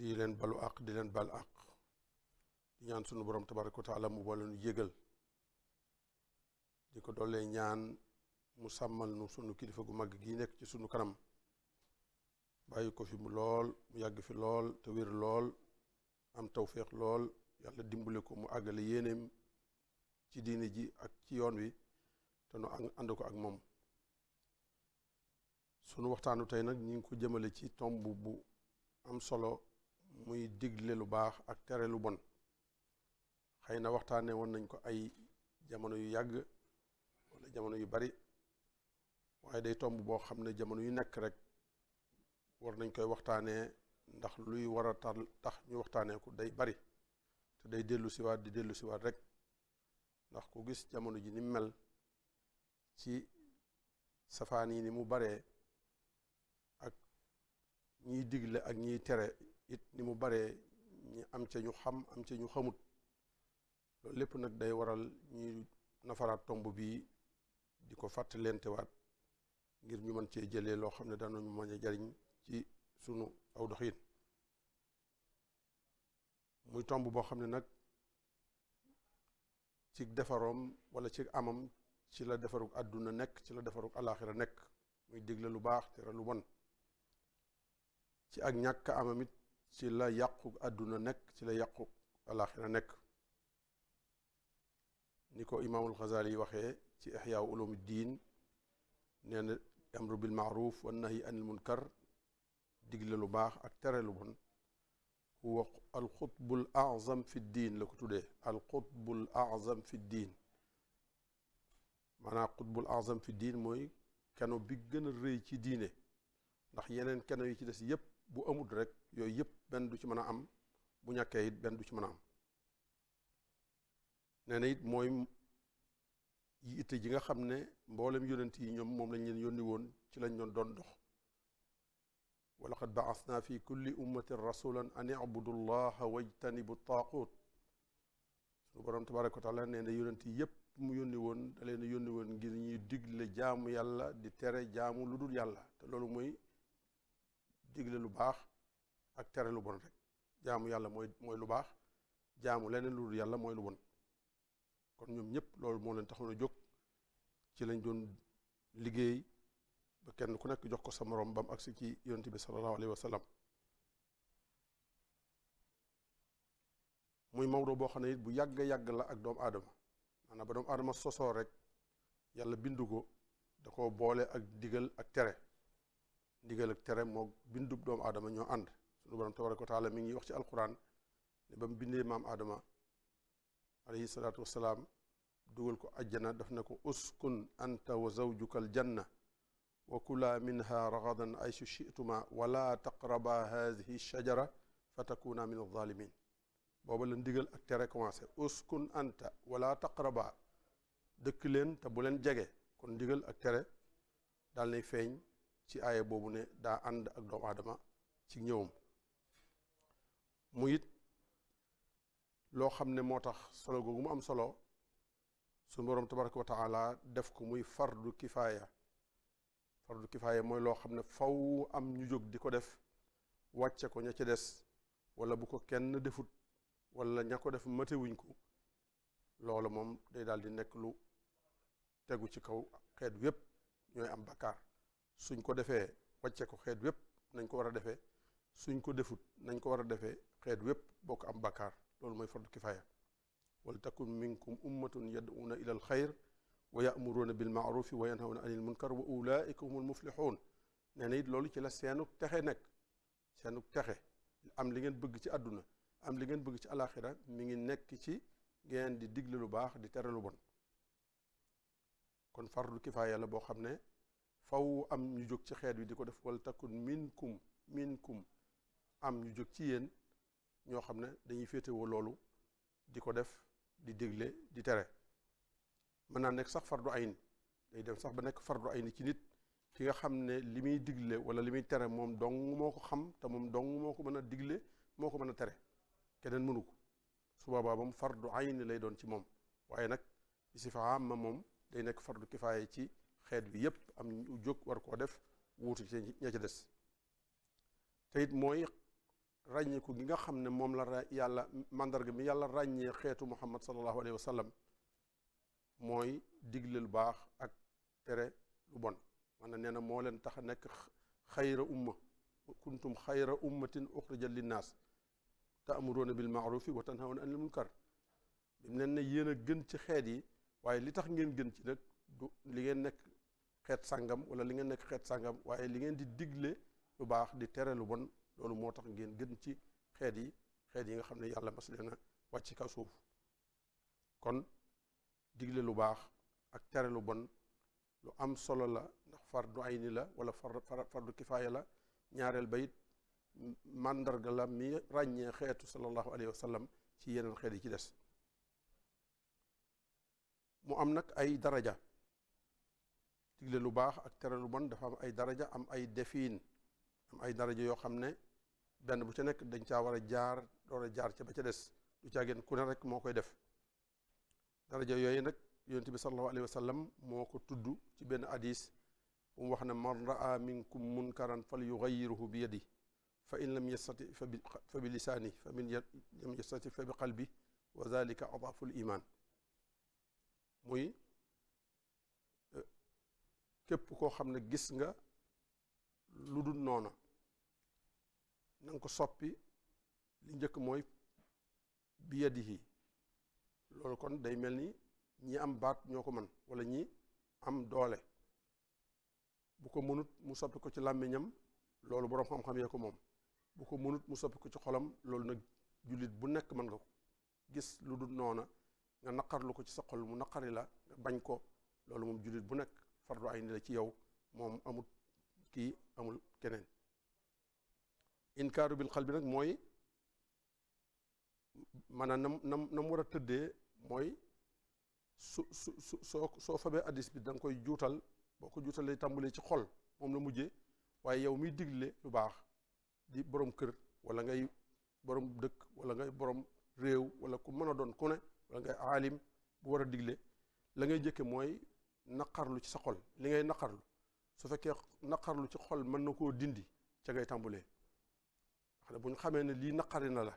di leen balu àq di leen bal àq di ñaan sunu borom tabaraka wa taala mu boole nu jégal di ko doolee ñaan mu sàmmal nu sunu kilifa gu mag gi nekk ci sunu kanam bàyyi ko fi mu lool mu yàgg fi lool te wér lool am tawféex lool yàlla dimbale ko mu àggale yéeneem ci diine ji ak ci yoon wi te nu ànd ko ak moom sunu waxtaanu tey nag ñu ngi ko jëmale ci tomb bu am solo muy digle lu baax ak tere lu bon xëy na waxtaane woon nañ ko ay jamono yu yàgg wala jamono yu bari waaye day tomb boo xam ne jamono yu nekk rek war nañ koy waxtaanee ndax luy war a tal tax ñu waxtaanee ko day bari te day dellu siwaat di dellu siwaat rek ndax ko gis jamono ji ni mel ci safaan yi ni mu baree ak ñiy digle ak ñiy tere it ni mu baree ñi am ca ñu xam am ca ñu xamut loolu lépp nag day waral ñuy nafaraat tomb bii di ko fàttalentewaat ngir ñu mën cee jëlee loo xam ne danañu mën a jariñ ci sunu aw doxin muy tomb boo xam ne nag ci defaroom wala ci amam ci la defarug àdduna nekk ci la defarug alaaxira nekk muy digle lu baax tere lu bon ci ak ñàkk amam si la yàqu àdduna nekk ci la yàqu alaxira nakk ni ko imaamul Xasaali waxee ci ixyaa ulumi diin nee na amru bil maaruf wa nahyi anil munkar digle lu baax ak tere lu bon huwa alxutbul azam fi diin la ko tuddee alxutbul azam fi diin maanaam xutbul azam fi diin mooy keno bi gën a rëy ci diine ndax yeneen keno yi ci des yépp bu amut rek yooyu yépp benn du ci mën a am bu ñàkkee it benn du ci mën a am nee na it mooy yitte ji nga xam ne mboolem yonent yi ñoom moom lañ leen yónni woon ci lañ doon doon dox wa laqad baasna fi kulli ummatin rasulan an ibudu llaha wajtanibu taaquut suñu borom tabaraka wa taala nee na yonent yi yépp mu yónni woon da leen yónni woon ngir ñuy digle jaamu yàlla di tere jaamu lu dul yàlla te loolu mooy digle lu baax ak tere lu bon rek jaamu yàlla mooy mooy lu baax jaamu leneen lu dul yàlla mooy lu bon kon ñoom ñëpp loolu moo leen taxoon a jóg ci lañ doon liggéey ba kenn ku nekk jox ko sa moroom bam agsi ci yonent bi sallallahu alayhi wa sallam muy mawdo boo xam ne it bu yàgg yàgg la ak doomu aadama maanaam ba doomu aadama sosoo rek yàlla bindu ko da ko boole ak ndigal ak tere ndigal ak tere moo bindu doomu aadama ñoo ànd sunu borom mi ngi wax ci alquran ne ba mu bindee maam Adama alayhi salaatu dugal ko ajjana daf na ko uskun anta wa zawjuka aljanna wa kula minha ragadan aysu chituma wala taqraba hadihi shajara fa takuna min alzalimin booba la ndigal ak tere commencé uskun anta wala taqraba dëkk leen te bu leen jege ko ndigal ak tere daal nay feeñ ci aaya boobu ne daa ànd ak doomu aadama ci ñëwam mu it loo xam ne moo tax solo googu mu am solo suñu boroom tabaraka wa taala def ko muy fardu kifaaya fardu kifaaya mooy loo xam ne faw am ñu jóg di ko def wàcce ko ña ci des wala bu ko kenn defut wala ña ko def matewuñ ko loolu moom day daal di nekk lu tegu ci kaw xeet wépp ñooy am bakkaar suñ ko defee wàcce ko xeet wépp nañ ko war a defee suñ ko defut nañ ko war a defee xeet wépp ko am bakaar loolu mooy fardu kifaaya wal takun minkum ummatun yad'uuna ila al xayr wa ya'muruuna bil ma'rufi wa yanhawna anil munkar wa ulaa'ika humul muflixuun nee na it loolu ci la seenuk texe nekk seenug texe am li ngeen bëgg ci àdduna am li ngeen bëgg ci alaxira mi ngi nekk ci ngeen di digle lu baax di tere lu bon kon fardu kifaaya la boo xam ne faw am ñu jóg ci xeet wi di ko def wal takun minkum minkum am ñu jóg ci yéen ñoo xam ne dañuy féetewu loolu di ko def di dégle di tere mën naa nekk sax fardu ayn day dem sax ba nekk fardu ni ci nit ki nga xam ne li muy digle wala li muy tere moom dong moo ko xam te moom dong moo ko mën a digle moo ko mën a tere keneen mënu ko su boobaa moom fardu ayn lay doon ci moom waaye nag si am amma moom day nekk fardu kifaaya ci xeet bi yépp am ñu jóg war koo def wuutu ci ña ca des te it mooy ràññeeku gi nga xam ne moom la yàlla mandarga yàlla ràññee xeetu muhammad sallallahu alayhi wa mooy digle lu baax ak tere lu bon maanaam nee na moo leen tax a nekk xayra umma kuntum xayra ummatin uxrijat linnaas taamuruuna bil maarufi wa tanhawna anil yéen a gën ci xeet yi waaye li tax ngeen gën ci nag li ngeen nekk xeet sàngam wala li ngeen nekk xeet sàngam waaye li ngeen di digle lu baax di tere lu bon loolu moo tax ngeen gën ci xeet yi xeet yi nga xam ne yàlla mas leen a wàcc ci kaw suuf kon digle lu baax ak tere lu bon lu am solo la ndax fardu ayni la wala fardu kifaaya la ñaareel ba it màndarga la mi ràññee xeetu sallallahu alayhi wa sallam ci yeneen xeet yi ci des mu am nag ay daraja digle lu baax ak tere lu bon dafa am ay daraja am ay defiin am ay daraja yoo xam ne benn bu ca nekk dañ caa war a jaar door a jaar ca ba ca des du caa génn ku rek moo koy def daraja yooyu nag yonent bi sallallahu alayhi wa sallam moo ko tudd ci benn hadis bu mu wax ne man raa minkum munkaran fal yugayiruhu bi yadi fa in lam yastati yastati fa bi qalbi wa zalika adaful iman muy eh, képp koo xam ne gis nga lu dul noona na ko soppi li njëkk mooy bi yadihi loolu kon day mel ni ñi am baat ñoo ko mën walla ñi am doole bu ko mënut mu soppi ko ci làmmiñam loolu boroom xam-xam yee ko moom bu ko mënut mu soppi ko ci xolam loolu nag jullit bu nekk mën nga ko gis lu dul noona nga naqarlu ko ci sa xol mu naqari la nga bañ ko loolu moom jullit bu nekk fardu ay ni la ci yow moom amut kii amul keneen in inkaaru bil xal bi nag mooy maanaam nam nam nam war a tëddee mooy su su soo soo fabee addis bi da nga koy juutal boo ko juutalee tàmbalee ci xol moom la mujjee waaye yow miy digle lu baax di borom kër wala ngay borom dëkk wala ngay borom réew wala ku mën a doon ku ne wala ngay aalim bu war a digle la ngay jëkke mooy naqarlu ci sa xol li ngay naqarlu su fekkee naqarlu ci xol mën na koo dindi ca ngay tàmbulee xanaa bu ñu xamee ne lii naqari na la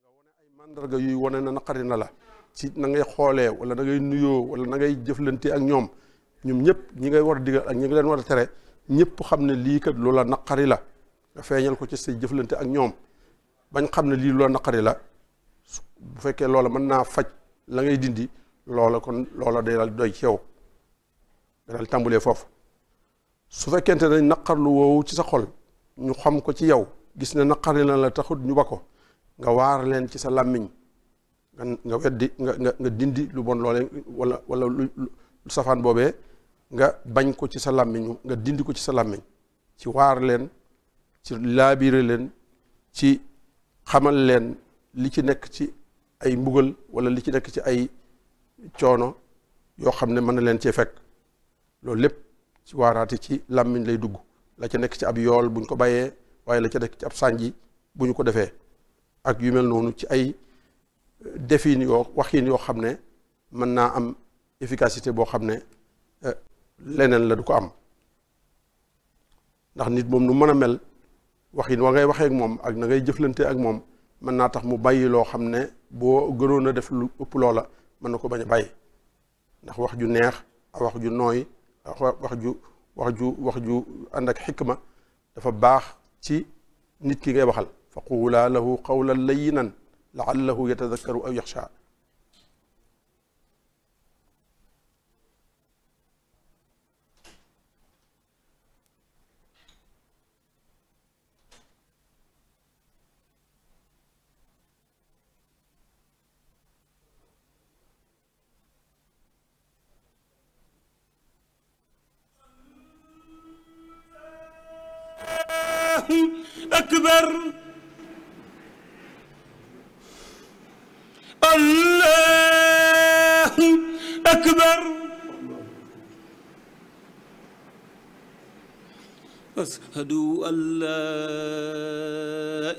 nga wone ay mandarga yuy wane na naqari na la ci na ngay xoolee wala na nuyoo wala na ngay jëflante ak ñoom ñoom ñëpp ñi ngay war a digal ak ñi ngi leen war a tere ñëpp xam ne lii kat loola naqari la nga feeñal ko ci say jëflante ak ñoom bañ xam ne lii loola naqari la bu fekkee loola mën naa faj la ngay dindi loola kon loola day daal doy ci yow daal tàmbulee foofu su fekkente ne naqarlu woowu ci sa xol ñu xam ko ci yow gis na naqari na la taxut ñu ba ko nga waar leen ci sa làmmiñ nga weddi nga nga nga dindi lu bon loole wala wala lu safaan boobee nga bañ ko ci sa làmmiñ nga dindi ko ci sa làmmiñ ci waar leen ci laabiire leen ci xamal leen li ci nekk ci ay mbugal wala li ci nekk ci ay coono yoo xam ne mën na leen cee fekk loolu lépp ci waaraate ci làmmiñ lay dugg la ci nekk ci ab yool buñ ko bàyyee waaye la ca nekk ci ab sànji bu ñu ko defee ak yu mel noonu ci ay defin yoo waxin yoo xam ne mën naa am efficacité boo xam ne eh, leneen la du ko am ndax nit moom nu mën a mel waxin wa ngay waxee ak moom ak na ngay jëflante ak moom mën naa tax mu bàyyi loo xam ne boo gënoon a def lu ëpp loola mën na ko bañ a bàyyi ndax wax ju neex ak wax ju nooy wax ju wax ju wax ju ànd ak xikma dafa baax ci nit ki ngay waxal fa quulaa lahu qawlan layinan laallahu yatadakkaru aw yaxsha أكبر الله أكبر أشهد أن لا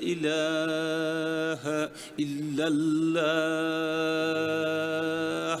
إله إلا الله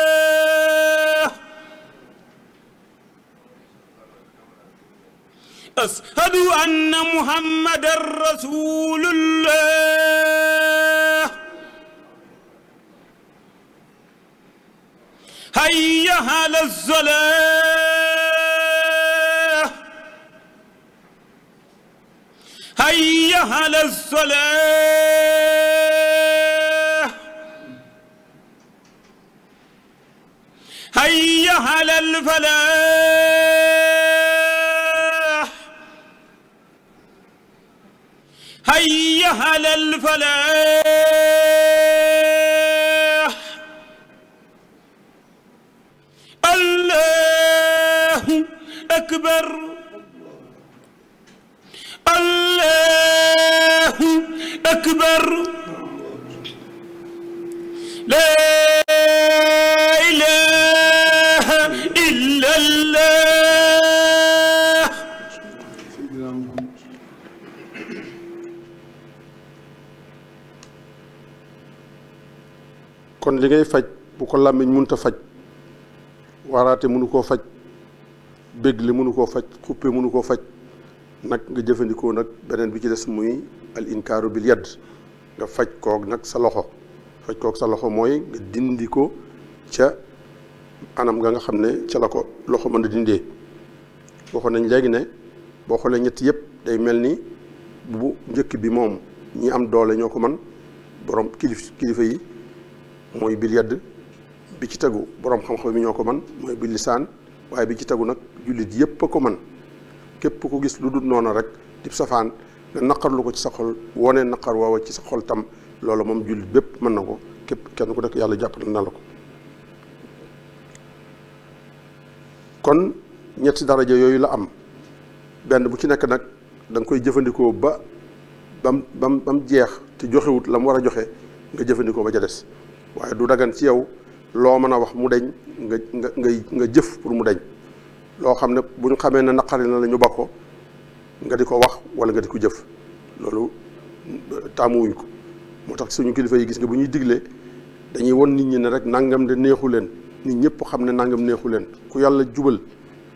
أشهد أن محمدا رسول الله هيا على الصلاة هيا على الصلاة هيا على الفلاح سهل الفلاح الله أكبر li ngay faj bu ko làmmiñ mënut a faj waraate mënu koo faj bégle mënu koo faj xuppe mënu koo faj nag nga jëfandikoo nag beneen bi ci des muy al inkaaru bil yadd nga faj kook nag sa loxo faj kook sa loxo mooy nga dindi ko ca anam nga nga xam ne ca la ko loxo mën a dindee waxoon nañ léegi ne boo xoolee ñett yëpp day mel ni bu njëkk bi moom ñi am doole ñoo ko man borom kilif kilifa yi mooy bil yadd bi ci tegu boroom xam-xam yi ñoo ko man mooy bil lisaan waaye bi ci tegu nag jullit yépp a ko man képp ku gis lu dul noona rek dib safaan nga naqarlu ko ci sa xol wone naqar woowa ci sa xol tam loolu moom jullit bépp mën na ko képp kenn ku nekk yàlla jàppal na la ko kon ñetti daraja yooyu la am benn bu ci nekk nag da koy jëfandikoo ba bam bam bam jeex te joxewut la mu war a joxe nga jëfandikoo ba ca des waaye du dagan ci yow loo mën a wax mu deñ nga nga ngay nga jëf pour mu deñ loo xam ne bu ñu xamee ne naqari na la ñu ba ko nga di ko wax wala nga di ko jëf loolu tàmmuwuñ ko moo tax suñu kilifa yi gis nga bu ñuy diglee dañuy won nit ñi ne rek nangam de neexu leen nit ñëpp xam ne nangam neexu leen ku yàlla jubal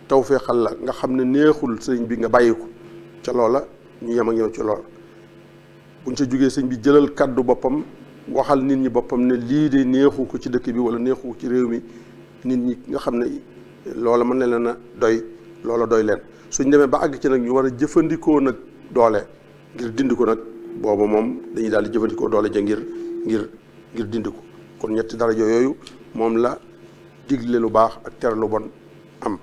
taw feexal la nga xam ne neexul sëñ bi nga bàyyi ko ca loola ñu yem ak yow ci loola buñ ca jógee sëñ bi jëlal kàddu boppam waxal nit ñi boppam ne lii de neexu ko ci dëkk bi wala neexu ko ci réew mi nit ñi nga xam ne loola mën na leen a doy loola doy leen suñ demee ba àgg ci nag ñu war a jëfandikoo nag doole ngir dind ko nag boobu moom dañuy daal di jëfandikoo doole ja ngir ngir ngir dindi ko kon ñetti daraja yooyu moom la digle lu baax ak tere lu bon am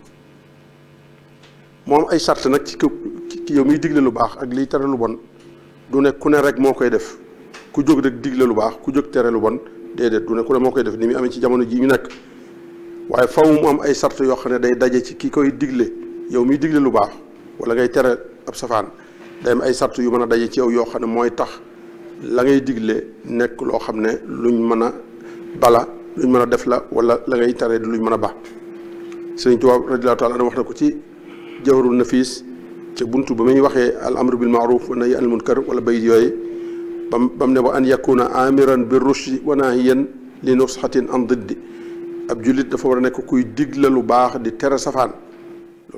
moom ay sart nag ci ki yow miy digle lu baax ak liy tere lu bon du ne ku ne rek moo koy def ku jóg rek digle lu baax ku jóg tere lu bon déedéet du ne moo koy def ni mu amee ci jamono ji ñu nekk waaye faw mu am ay sart yoo xam ne day daje ci ki koy digle yow miy digle lu baax wala ngay tere ab safaan day am ay sart yu mën a daje ci yow yoo xam ne mooy tax la ngay digle nekk loo xam ne luñ mën a bala luñ mën a def la wala la ngay tere di luñ mën a ba Sëriñ Tuubaa radiyallaahu taala anhu wax na ko ci Jawharun Nafiis ca buntu ba muy waxee al amru bil maaruf wa nahyi anil wala bayit yooyu bam bam ne wa an yakuna amiran bi rushdi wa nahiyan li nusxatin an diddi ab jullit dafa war a nekk kuy digle lu baax di tere safaan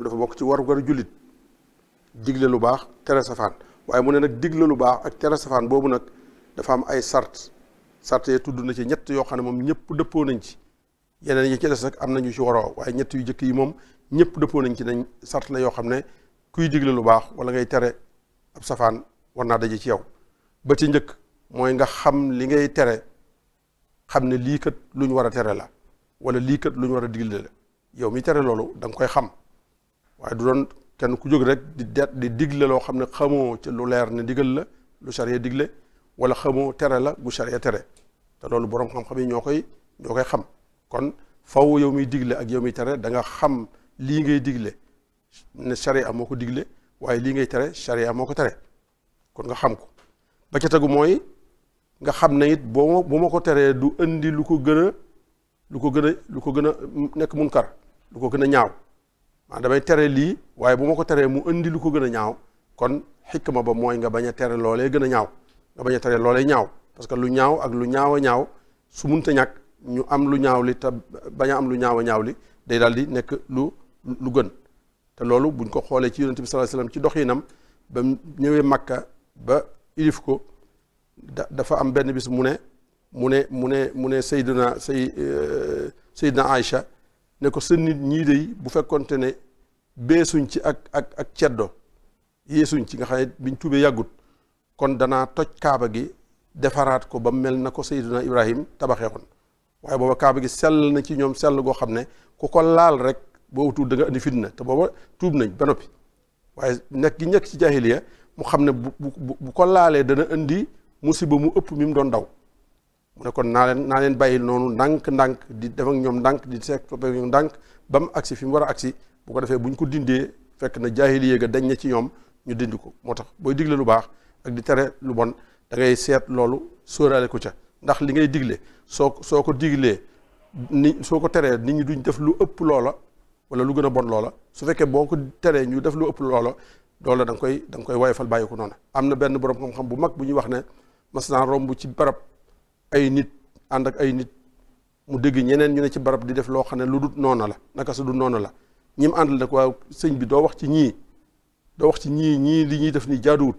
dafa bokk ci warugar jullit digle lu baax tere waaye mu ne nag digle lu baax ak tere safaan boobu nag dafa am ay sart sart tudd na ci ñett yoo xam ne moom ñëpp dëppoo nañ ci yeneen yi ci des am nañu ci waroo waaye ñett yu jëkk yi moom ñëpp dëppoo nañ ci nañ sart la yoo xam ne kuy digle lu baax wala ngay tere ab safaan war naa daje ci yow ba ci njëkk mooy nga xam li ngay tere xam ne lii kat lu ñu war a tere la wala lii kat lu ñu war a digle la yow mi tere loolu da nga koy xam waaye du doon kenn ku jóg rek di de di digle loo xam ne xamoo ci lu leer ne digal la lu sariya digle wala xamoo tere la gu sariya tere te loolu borom xam-xam yi ñoo koy ñoo koy xam kon faw yow mi digle ak yow mi tere da nga xam lii ngay digle ne sariya moo ko digle waaye lii ngay tere sariya moo ko tere kon nga xam ko ba ca tegu mooy nga xam ne it boo bu ma ko teree du indi lu ko gën a lu ko gën a lu ko gën a nekk munkar lu ko gën a ñaaw maanaam damay tere lii waaye bu ma ko teree mu indi lu ko gën a ñaaw kon ma ba mooy nga bañ a tere loolee gën a ñaaw nga bañ a tere loolee ñaaw parce que lu ñaaw ak lu ñaaw a ñaaw su munta ñàkk ñu am lu ñaaw li te bañ am lu ñaaw a ñaaw li day daal di nekk lu lu gën te loolu buñ ko xoolee ci yonent bi sallallahu alayhi wasallam ci doxinam ba ñëwee Makka ba ilif ko da dafa am benn bis mu ne mu ne mu ne mu ne Seydina Sey euh, Seydina Aïcha ne ko sa nit ñii de bu fekkonte ne beesuñ ci ak ak ak ceddo yeesuñ ci nga xam ne biñ tuubee yàggut kon danaa toj kaaba gi defaraat ko ba mel na ko Seydina Ibrahim tabaxee woon waaye booba kaaba gi sell na ci ñoom sell goo xam ne ku ko laal rek boo tuub da nga indi fitna te booba tuub nañ ba noppi waaye nekk gi nekk ci ya mu xam ne bu bu bu ko laalee dana indi musiba mu ëpp mi mu doon daw mu ne kon naa leen naa leen bàyyi noonu ndànk-ndànk di def ak ñoom ndànk di seet ak ñoom ndànk ba mu agsi fi mu war a agsi bu ko defee bu ñu ko dindee fekk na jaahiliya ga dañ na ci ñoom ñu dind ko moo tax booy digle lu baax ak di tere lu bon da seet loolu sóoraale ko ca ndax li ngay digle soo soo ko diglee ni soo ko teree nit ñi duñ def lu ëpp loola wala lu gën a bon loola su fekkee boo ko teree ñu def lu ëpp loola loolu da nga koy da nga koy woyofal bàyyi ko noonu am na benn borom xam-xam bu mag bu ñuy wax ne mas naa romb ci barab ay nit ànd ak ay nit mu dégg ñeneen ñu ne ci barab di def loo xam ne lu dut noonu la naka su dut noona la ñi mu àndal nag sëñ bi doo wax ci ñii doo ci ñii ñii li ñuy def nii jaaduwut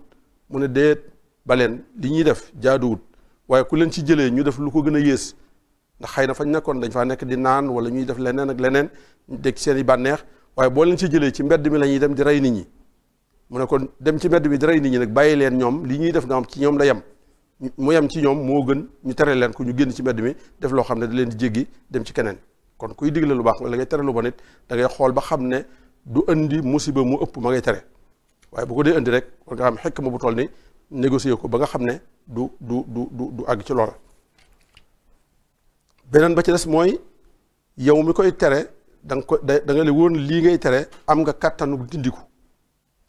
mu ne déet baleen li ñuy def jaaduwut waaye ku leen ci jëlee ñu def lu ko gën a yées ndax xëy na fañ nekkoon dañ faa nekk di naan wala ñuy def leneen ak leneen dégg seen bànneex waaye boo leen ci jëlee ci mbedd mi la ñuy dem di rey nit ñi mu ne kon dem ci mbedd bi daray nit ñi nag bàyyi leen ñoom li ñuy def nga xam ci ñoom la yem mu yem ci ñoom moo gën ñu tere leen ku ñu génn ci medd mi def loo xam ne da leen di jéggi dem ci keneen kon kuy digle lu baax wala ngay tere lu bon it da ngay xool ba xam ne du indi musiba mu ëpp ma ngay tere waaye bu ko dee indi rek war nga xam xekk ma bu toll ni négocier ko ba nga xam ne du du du du du àgg ci loola beneen ba ci des mooy yow mi koy tere da ko da nga le woon lii ngay tere am nga kàttanu dindi ko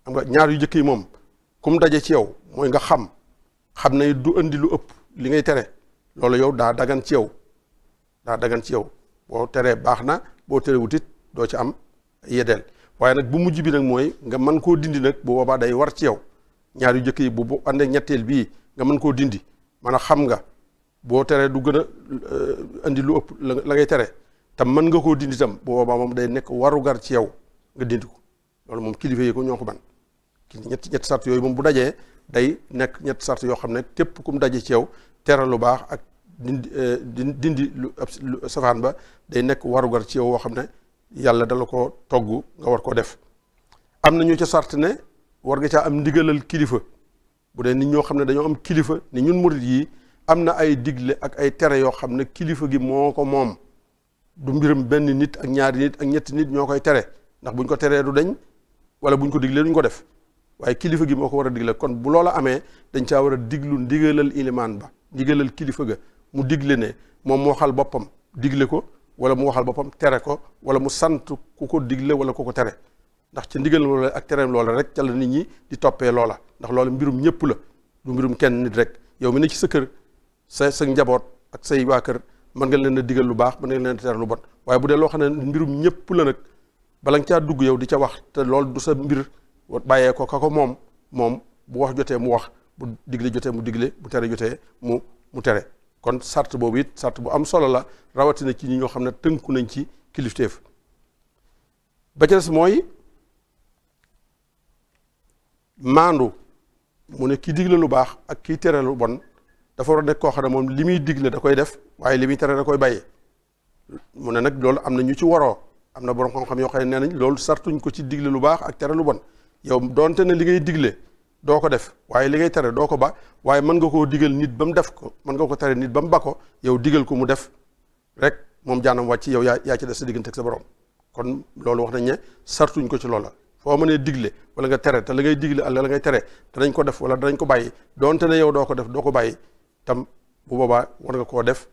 xam nga ñaar yu njëkk yi moom kum daje ci yow mooy nga xam xam na ne du andi lu ëpp li ngay tere loolu yow daa daggan ci yow daa dagan ci yow boo teree baax na boo teree wutit doo ci am yedeel waaye nag bu mujj bi nag mooy nga mën koo dindi nag bu boobaa day war ci yow ñaar njëkk yi bu bu ñetteel bii nga mën koo dindi maanaam xam nga boo teree du gën a andi euh, lu ëpp la ngay tere te mën nga koo dindi tam bu boobaa moom day nekk warugar ci yow nga dindi ko loolu moom kilifa yi ko ñoo ko ban ñett ñett sart yooyu moom bu dajee day nekk ñett sart yoo xam ne képp kum daje ci yow teral lu baax ak dindi euh, dindi lu safaan ba day nekk warugar ci yow woo xam ne yàlla dala ko togg nga war koo def am na ñu ca sart ne war nga caa am ndigalal kilifa bu dee nit ñoo xam ne dañoo am kilifa ni ñun murit yi am na ay digle ak ay tere yoo xam ne kilifa gi moo ko moom du mbirum benn nit ak ñaari nit ak ñetti nit ñoo koy tere ndax buñ ko teree du dañ wala buñ ko diglee duñ ko def waaye kilifa gi moo ko war a digle kon bu loola amee dañ caa war a diglu ndigalal ilimaan ba ndigalal kilifa ga mu digle ne moom mu waxal boppam digle ko wala mu waxal boppam tere ko wala mu sant ku ko digle wala ku ko tere ndax ca ndigal loola ak tereem loola rek ca la nit ñi di toppee loola ndax loolu mbirum ñëpp la du mbirum kenn nit rek yow mu ne ci sa kër sa sa njaboot ak say waa kër mën nga leen a digal lu baax mën nga leen a tere lu bon waaye bu dee loo xam ne mbirum ñëpp la nag bala caa dugg yow di ca wax te loolu du sa mbir bàyyee ko ka ko moom moom bu wax jotee mu wax bu digle jotee mu digle bu tere jotee mu mu tere kon sart boobu it sart bu am solo la rawatina ci ñi ñoo xam ne tënku nañ ci kilifteef ba ca mooy maandu mu ne kii digle lu baax ak kii tere lu bon dafa war a nekk koo xam ne moom li muy digle da koy def waaye li muy tere da koy bàyyee mu ne nag loolu am na ñu ci waroo am na borom xam-xam yoo xam ne nee nañ loolu sartuñ ko ci digle lu baax ak tere lu bon yow doonte ne li ngay digle doo ko def waaye li ngay tere doo ko ba waaye mën nga koo digal nit ba mu def ko mën nga ko tere nit ba mu ba ko yow digal ko mu def rek moom jaanam wàcc yow yaa yaa ci def sa diggante sa borom kon loolu wax nañ ne sartuñ ko ci loola foo mënee digle wala nga tere te la ngay digle ak la ngay tere danañ ko def wala danañ ko bàyyi doonte ne yow doo ko def doo ko bàyyi tam bu boobaa war nga koo def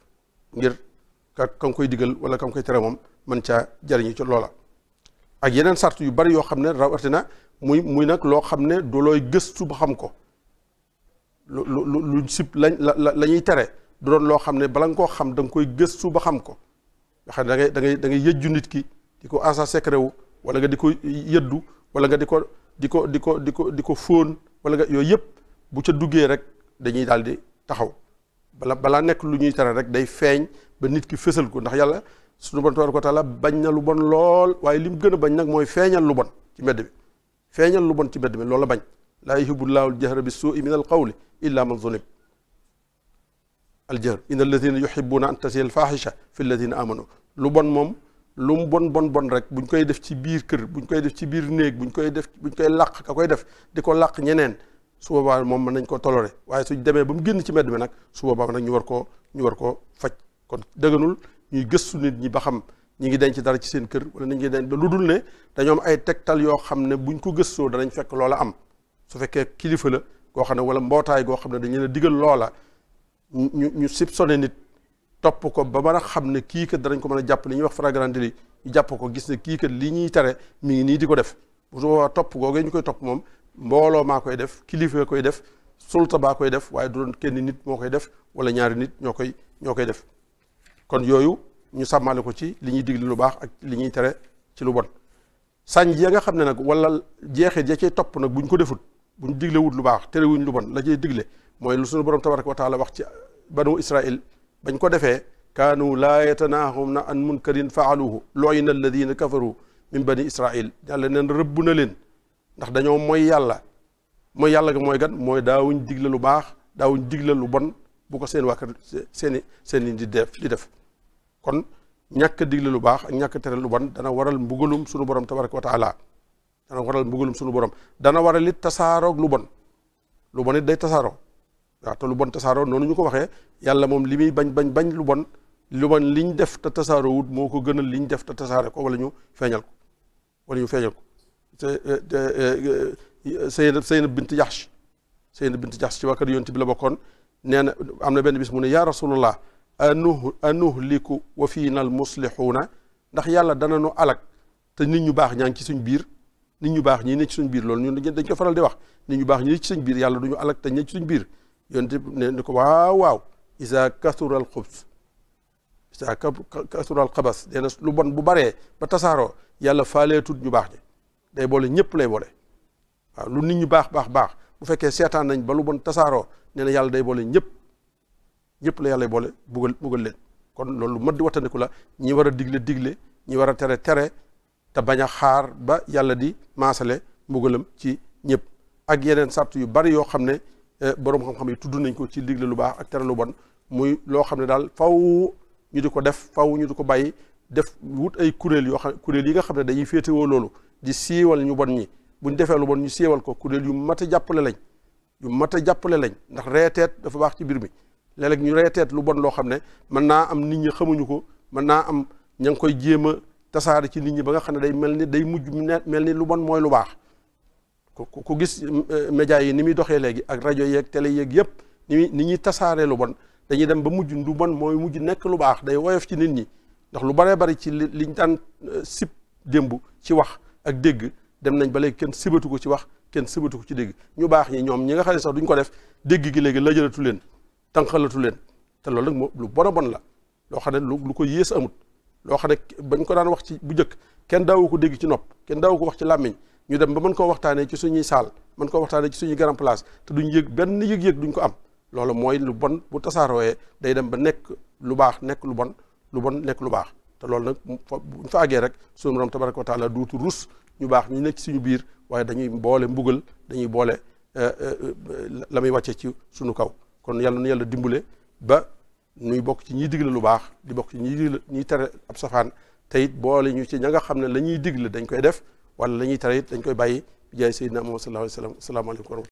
ngir ka ka nga koy digal wala ka koy tere moom mën caa jariñu ci loola ak yeneen sart yu bari yoo xam ne rawatina muy muy nag loo xam ne du looy gëstu ba xam ko lu lu lu sib lañ la la ñuy tere du doon loo xam ne bala nga koo xam da nga koy gëstu ba xam ko nga xam ne da ngay da ngay da ngay nit ki di ko asa secret wu wala nga di ko yëddu wala nga di ko di ko di ko di ko di ko fóon wala nga yooyu yëpp bu ca duggee rek dañuy daal di taxaw bala balaa nekk lu ñuy tere rek day feeñ ba nit ki fësal ko ndax yàlla sunu bon tabaaraka wa la bañ na lu bon lool waaye li mu gën a bañ nag mooy feeñal lu bon ci mbedd bi feeñal lu bon ci mbedd mi loola bañ laa yuhibbu llaahu al-jahra bi suui min al-qawli illa man zulim al-jahr inna alladina yuhibbuna an tasiya al-fahisha fi alladina amanu lu bon moom lu mu bon bon bon rek buñ koy def ci biir kër buñ koy def ci biir néeg buñ koy def buñ koy làq ka koy def di ko làq ñeneen su moom mën nañ ko tolore waaye suñ demee ba mu génn ci mbedd mi nag su boobaa nag ñu war ko ñu war koo faj kon dëgganul ñuy gëstu nit ñi ba xam ñu ngi denc dara ci seen kër wala ñu ngi denc lu ne dañoo ay tegtal yoo xam ne buñ ko gëstoo danañ fekk loola am su fekkee kilifa la goo xam ne wala mbootaay goo xam ne dañu leen a digal loola ñu ñu sib sone nit topp ko ba mën a xam ne kii kat danañ ko mën a jàpp li ñuy wax flagrant délit ñu jàpp ko gis ne kii kat li ñuy tere mi ngi nii di ko def bu boobaa topp googee ñu koy topp moom mbooloo maa koy def kilifa koy def sulta baa koy def waaye du doon kenn nit moo koy def wala ñaari nit ñoo koy ñoo koy def kon yooyu ñu sàmmaale ko ci li ñuy digle lu baax ak li ñuy tere ci lu bon sànj ya nga xam ne nag wala jeexit ya cay topp nag ñu ko defut buñ diglewut lu baax tere terewuñ lu bon la cay digle mooy lu suñu borom tabaraka wa taala wax ci banu israil bañ ko defee kaanu laa yatanaahum na an mun munkarin faaluhu loyna alladina kafaru min bani israil yàlla neen rëbb na leen ndax dañoo mooy yàlla mooy yàlla ga mooy gan mooy daawuñ digle lu baax daawuñ digle lu bon bu ko seen waa kër seeni seeni di def di def kon ñàkk digle lu baax ak ñàkk tere lu bon dana waral mbugalum sunu borom tabaraka wa taala dana waral mbugalum sunu borom dana waral it tasaaroog lu bon lu bon it day tasaaroo waaw te lu bon tasaaroo noonu ñu ko waxee yàlla moom li muy bañ bañ bañ lu bon lu bon liñ def te tasaaroo wut moo ko gënal liñ def ta tasaare ko wala ñu feeñal ko wala ñu feeñal ko eh, eh, eh, bint Yaxsh Seyna bint Yaxsh ci waa yoon yonent bi la bokkoon nee na am na benn bis mu ne yaa rasulallah anuh anuhliku wa fiina al muslihuuna ndax yàlla dana nu alak te nit ñu baax ñaa ngi ci suñ biir nit ñu baax ñi ne ci suñ biir loolu ñun dañ ko faral di wax nit ñu baax ñi ne ci suñ biir yàlla du ñu alak te ñi ci suñ biir ne ni ko waaw waaw isa kasura al xubs isa kasura al xabas dee na lu bon bu baree ba tasaaroo yàlla faaleetut ñu baax ñi day boole ñëpp lay boole lu nit ñu baax baax baax bu fekkee seetaan nañ ba lu bon tasaaroo ne na yàlla day boole ñëpp ñëpp la yàlla boole bugal bugal leen kon loolu mat di wattandiku la ñi war a digle digle ñi war a tere tere te bañ a xaar ba yàlla di maasale mbugalam ci ñëpp ak yeneen sart yu bari yoo xam ne eh, boroom xam-xam yi tudd nañ ko ci digle lu baax ak tere lu bon muy loo xam ne daal faw ñu di ko def faw ñu di ko bay def wut ay kuréel yoo xam kuréel yi nga xam ne dañuy féetewoo loolu di siiwal ñu bon ñi buñ defee lu bon ñu siiwal ko kuréel yu mat a jàppale lañ yu mat a jàppale lañ ndax reeteet dafa baax ci biir mi léeg ñu reeteet lu bon loo xam ne mën naa am nit ñi xamuñu ko mën naa am ña ngi koy jéem a tasaare ci nit ñi ba nga xam ne day mel ni day mujj mel ni lu bon mooy lu baax ku ku gis e, médias yi ni muy doxee léegi ak rajo yeeg télé yeeg yëpp ni ni ñuy tasaaree lu bon dañuy dem ba mujj lu bon mooy mujj nekk lu baax day woyof ci nit ñi ndax lu baree bari ci li liñ daan e, sib démb ci wax ak dégg dem nañ ba léegi kenn sibatu ko ci wax kenn sibatu ko ci dégg ñu baax ñi ñoom ñi nga xam ne sax duñ ko def dégg gi léegi lajalatu leen tànqalatu leen te lool nag moo lu bon a bon la loo xam ne lu lu ko yées amut loo xam ne bañ ko daan wax ci bu njëkk kenn daawu ko dégg ci nopp kenn daawu ko wax ci làmmiñ ñu dem ba mën koo waxtaanee ci suñuy saal mën koo waxtaanee ci suñuy grand place te duñ yëg benn yëg-yëg duñ ko am loolu mooy lu bon bu tasaarooyee day dem ba nekk lu baax nekk lu bon lu bon nekk lu baax te loolu nag buñ fa àggee rek suñu borom tabaraka wa taala rus ñu baax ñu nekk suñu biir waaye dañuy boole mbugal dañuy boole euh, euh, euh, la muy wàcce ci suñu kaw kon yàlla nu yàlla dimbale ba nuy bokk ci ñuy digle lu baax di bokk ci ñiy digle ñiy ab safaan te it boole ñu ci ña nga xam ne la ñuy digle dañ koy def wala la ñuy tere dañ koy bàyyi jaay sayyidina Muhammad sallallahu alayhi wa sallam